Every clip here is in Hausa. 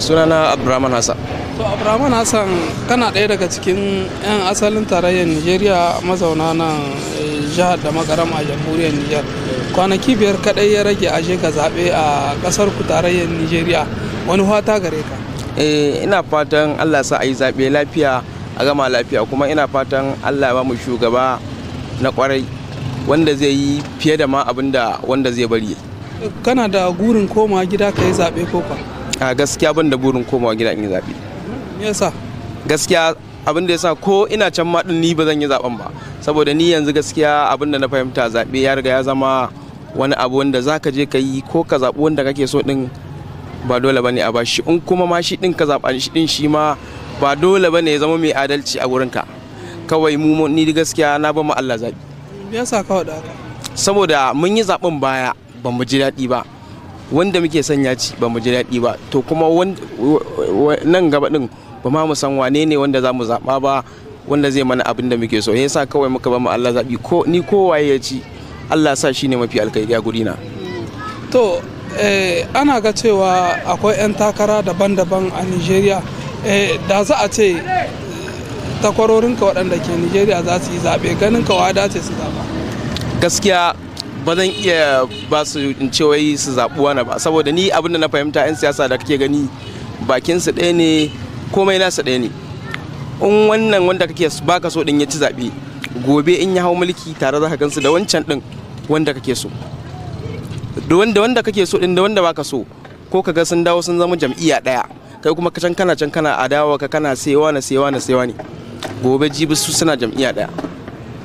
sunana abdurrahman hassan to abdurrahman hassan kana ɗaya daga cikin 'yan asalin tarayyar nigeria mazauna nan eh, jihar da makarama a jamhuriyar niger kwanaki biyar kaɗai ya rage aje ka zaɓe a ƙasar ku tarayyar nigeria wani fata gare ka eh, ina fatan allah sa a yi zaɓe lafiya a gama lafiya kuma ina fatan allah ba mu shugaba na kwarai wanda zai yi fiye da ma abinda wanda zai bari kana da gurin koma gida ka yi zaɓe ko kwa a gaskiya ban da burin komawa gida in yi zaɓe me yasa gaskiya abin da yasa ko ina can ma din ni ba zan yi zaben ba saboda ni yanzu gaskiya abin da na fahimta zaɓe ya riga ya zama wani abu wanda zaka je ka yi ko ka zaɓi wanda kake so din ba dole bane a bashi in kuma ma shi din ka zaɓa shi din shi ma ba dole bane ya zama mai adalci a wurin ka kawai mu ni gaskiya na ba ma Allah zaɓi me yasa saboda mun yi zaɓen baya ban mu ji daɗi ba wanda muke ya ci ba mu ji daɗi ba to kuma nan gaba ɗin ba ma mu san wane ne wanda za mu zaɓa ba wanda zai mana abin da muke so yasa kawai muka ba mu Allah zaɓi ko ni kowaye ya ci Allah sa shi ne mafi alkhairi a na. to eh, ana ga cewa akwai 'yan takara daban-daban a Nigeria eh, da za a ce takwarorinka waɗanda ke Nigeria za su yi zaɓe ganin ka wa dace su zaɓa gaskiya ba zan iya ba su in ce wai su zaɓi wani ba saboda ni abin da na fahimta 'yan siyasa da kake gani bakin su ɗaya ne komai nasa ɗaya ne in wannan wanda kake baka so ɗin ya ci zaɓe gobe in ya hau mulki tare za ka gansu da wancan ɗin wanda kake so da wanda wanda kake so ɗin da wanda baka so ko ka ga sun dawo sun zama jam'iyya ɗaya kai kuma ka can kana can kana adawa ka kana sewa na sewa na sewa ne gobe jibi su suna jam'iyya ɗaya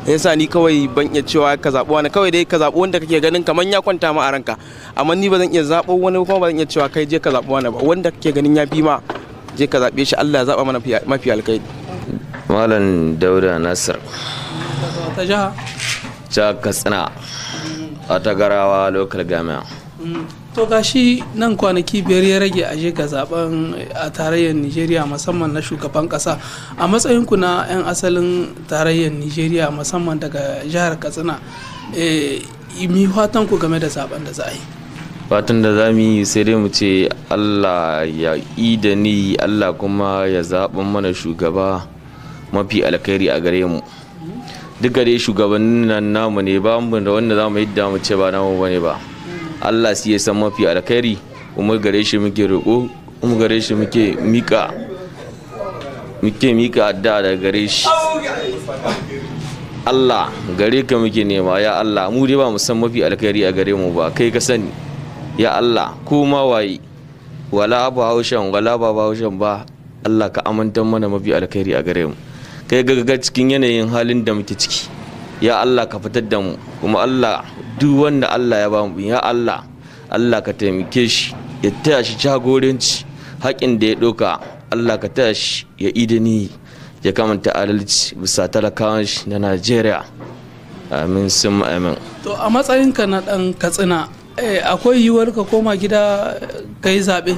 yasa ni kawai ban iya cewa ka zaɓi wani kawai dai ka zaɓi wanda kake ganin kamar ya kwanta ma a ranka amma ni ba zan iya zaɓo wani kuma ba zan iya cewa kai je ka zaɓi wani ba wanda kake ganin ya fi ma je ka zaɓe shi Allah ya zaɓa mana mafi alkhairi malam dauda nasir ta jiha ta katsina a tagarawa local gamiya Mm, to gashi nan kwanaki biyar ya rage a ga zaben eh, a tarayyar nigeria musamman na shugaban kasa a matsayinku na 'yan asalin tarayyar nigeria musamman daga jihar katsina eh, mi ku game da zaben da za a yi fatan da za mu yi sai dai mu ce allah ya yi da ni allah kuma ya zaben mana shugaba mafi alkhairi a gare mu duka dai shugabannin nan namu ne ba mu da wanda za mu yi da ce ba namu ba ne ba Allah su ya san mafi alkhairi kuma gare shi muke roƙo kuma gare shi muke mika muke mika adda da gare shi Allah gare ka muke nema ya Allah mu dai ba mu san mafi alkhairi a gare mu ba kai ka sani ya Allah ko ma waye wala abu haushan wala ba haushan ba Allah ka amintan mana mafi alkhairi a gare mu kai ga cikin yanayin halin da muke ciki ya Allah ka fitar da mu kuma Allah duk wanda Allah ya ba mu ya Allah Allah ka taimake shi ya taya shi jagoranci haƙin da ya ɗauka Allah ka taya shi ya idani ya kamanta adalci bisa talakawan shi na Najeriya amin sun amin to a matsayinka na ɗan katsina eh, akwai yiwuwar ka koma gida eh, ka yi zaɓe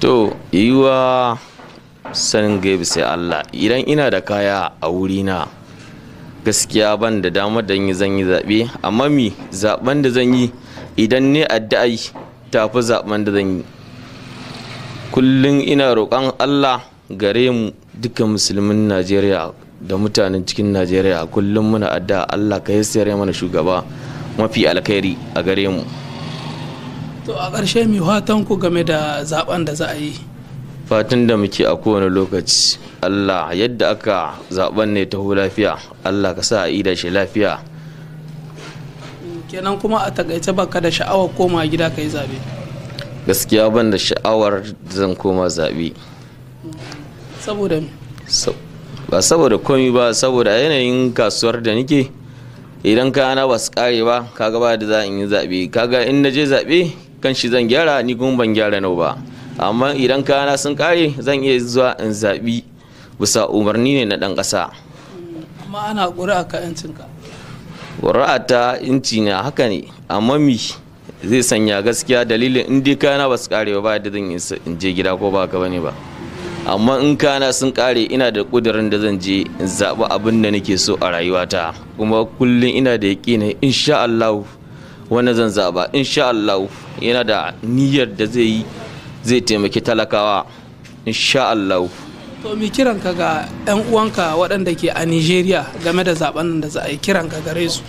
to yiwuwa sanin gaibi sai Allah idan ina da kaya a wurina gaskiya ban da damar da yi zan yi zaɓe amma mi zaɓen da zan yi idan ne addu'ai tafi zaɓen da zan yi kullum ina roƙon allah gare mu duka musulmin najeriya da mutanen cikin najeriya kullum muna addu'a allah ka yi sayar mana shugaba mafi alkhairi a gare mu to a ƙarshe mai ku game da zaɓen da za a yi fatan da muke a kowane lokaci allah yadda aka zaben ne taho lafiya allah ka sa a ida shi lafiya kenan kuma a takaice baka da sha'awar koma gida ka yi zabe gaskiya ban da sha'awar zan koma zabe saboda ba saboda komi ba saboda yanayin kasuwar da nike idan kayana ba su kare ba kaga ba da za in yi zabe kaga in na je zabe kan shi zan gyara ni kuma ban gyara nau ba amma idan kayana sun kare zan iya zuwa in zaɓi bisa umarni ne na ɗan ƙasa amma ana ƙuri'a ka ƙuri'a ta inci na haka ne amma mi zai sanya gaskiya dalilin in dai kayana ba su kare ba da zan in je gida ko ba ka bane ba amma in kana sun kare ina da kudirin da zan je in zaɓi abin da nake so a rayuwata kuma kullum ina da yaƙini insha Allah wannan zan zaɓa insha Allah yana da niyyar da zai yi zai taimaki talakawa insha Allah to mi kiranka ga 'yan uwanka waɗanda ke a nigeria game da zaben da za a yi kiranka gare su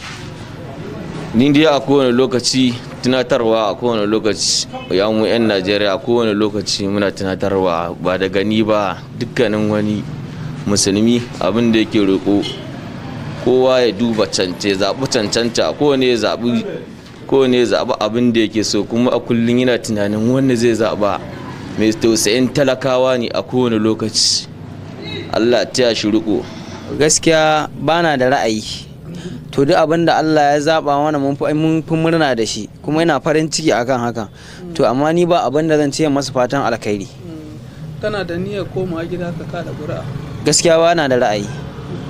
ni dai a kowane lokaci tunatarwa a kowane lokaci ya mu 'yan najeriya a kowane lokaci muna tunatarwa ba da gani ba dukkanin wani musulmi abin da yake roƙo kowa ya duba cance zaɓi cancanta kowane ya zaɓi kowane ne zaɓa abin da yake so kuma a kullum yana tunanin wanda zai zaɓa mai tausayin talakawa ne a kowane lokaci allah ta shi riko gaskiya bana da ra'ayi to duk abin da Allah ya zaba mana mun fi murna da shi kuma yana farin ciki akan hakan to amma ni ba abin da zan ce masa fatan alkhairi kana da niyyar koma gida ka kada ƙuri'a gaskiya ba na da ra'ayi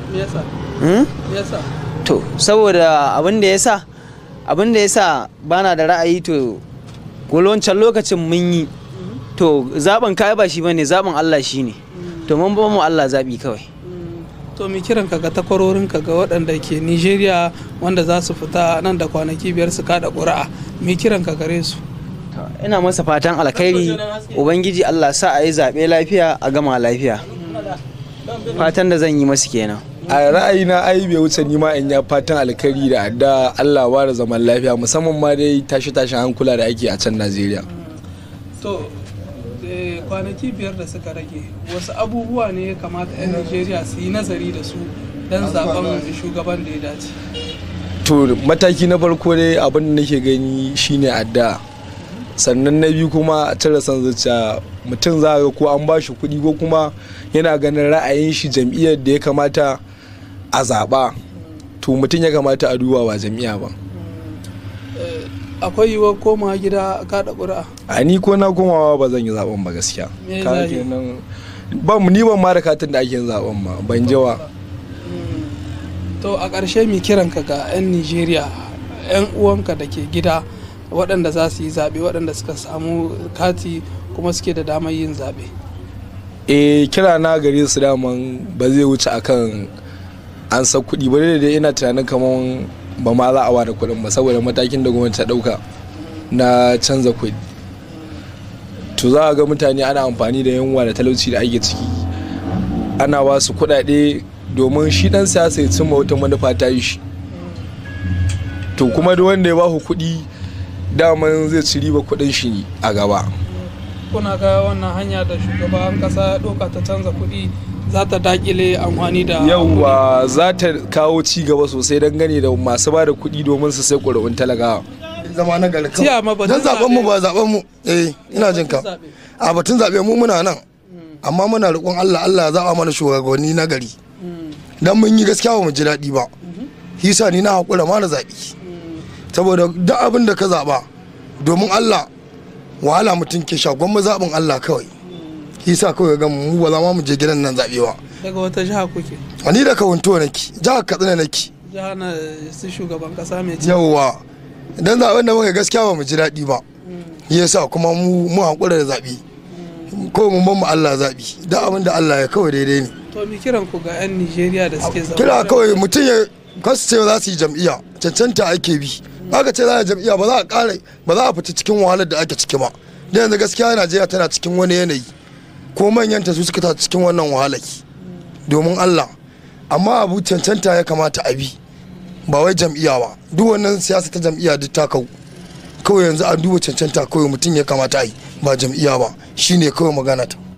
me yasa hmm? me yasa to saboda abin da yasa abin da yasa bana da ra'ayi to wancan lokacin mun yi to zaben kai ba shi bane zaben Allah shi ne to mun ba mu Allah zabi kawai to mi kiran ka ga takwarorin ka ga waɗanda ke Nigeria wanda za su fita nan da kwanaki biyar su kada ƙuri'a mi kiran ka gare su ina masa fatan alkhairi ubangiji Allah sa a yi zaɓe lafiya a gama lafiya fatan da zan yi masu kenan a ra'ayina ai bai wuce nima in ya fatan alkari da adda Allah ba da zaman lafiya musamman ma dai tashi tashin hankula da ake a can Najeriya to eh, kwanaki biyar da suka rage wasu abubuwa ne ya kamata 'yan Najeriya su yi nazari da su don zaben shugaban da ya dace to mataki na farko dai abin da nake gani shine adda sannan na biyu kuma a cire son zuciya mutum za ga ko an ba shi kuɗi ko kuma yana ganin ra'ayin shi jam'iyyar da ya kamata a zaɓa to mutum ya kamata a duba ba jami'a ba eh, akwai yiwuwar komawa gida kaɗa ƙuri'a a ni ko na komawa ba zan yi zaɓen ba gaskiya ba mu ni ban ma da katin da ake yin zaɓen ba ban jawa hmm. to a ƙarshe mi ka ga 'yan nigeria 'yan uwanka da ke gida waɗanda za su yi zaɓe waɗanda suka samu kati kuma suke da damar yin zaɓe eh kira na gare su daman ba zai wuce akan an sa kuɗi ba da ina tunanin kamar ba ma za a ware kuɗin ba saboda matakin da gwamnati ta ɗauka na canza kuɗi to za a ga mutane ana amfani da yunwa da talauci da ake ciki ana ba su kuɗaɗe domin shi dan siyasa ya cimma wata manufa ta yi shi to kuma da wanda ya ba kuɗi daman zai ci riba kuɗin shi a gaba kuna ga wannan hanya da shugaban kasa ya ɗauka ta canza kuɗi za ta dakile amfani da yauwa za ta kawo ci gaba sosai gani da masu ba da kuɗi domin su sai ƙuri'un talagawa zama na gari don zaben mu ba zaben mu eh ina jin ka a batun zaɓe mu muna nan hmm. amma muna roƙon Allah Allah ya zaɓa mana shugabanni na gari hmm. dan mun yi gaskiya ba mu ji daɗi ba mhm. hisa ni na haƙura ma na zaɓi hmm. saboda duk abin da ka zaɓa domin Allah wahala mutum ke shagon mazaɓin Allah kawai yasa kawai ga mu ba za mu je gidan nan zabe ba daga wata jiha kuke ni da kawunto nake jihar katsina nake jiha na su shugaban kasa mai yawa dan zaben da muka gaskiya ba mu ji daɗi ba mm. yasa kuma mu mu hakura da zabe mm. ko mu ban mu Allah zabi da abin da Allah ya kawai daidai ne to mi kiran ku ga yan Nigeria da suke zama. kira kawai mutum ya kasu ce za su yi jam'iyya cancanta ake bi mm. aka ce za a jam'iyya ba za a kare ba za a fita cikin wahalar da ake ciki ba da yanzu gaskiya Najeriya tana cikin wani yanayi ko manyan ta su suka ta cikin wannan wahalaki domin allah amma abu cancanta ya kamata a bi ba wai jam'iyya ba duk wannan siyasa ta jam'iya duk ta kau kawai yanzu an duba cancanta kawai mutum ya kamata a yi ba jam'iyya ba shine kawai magana ta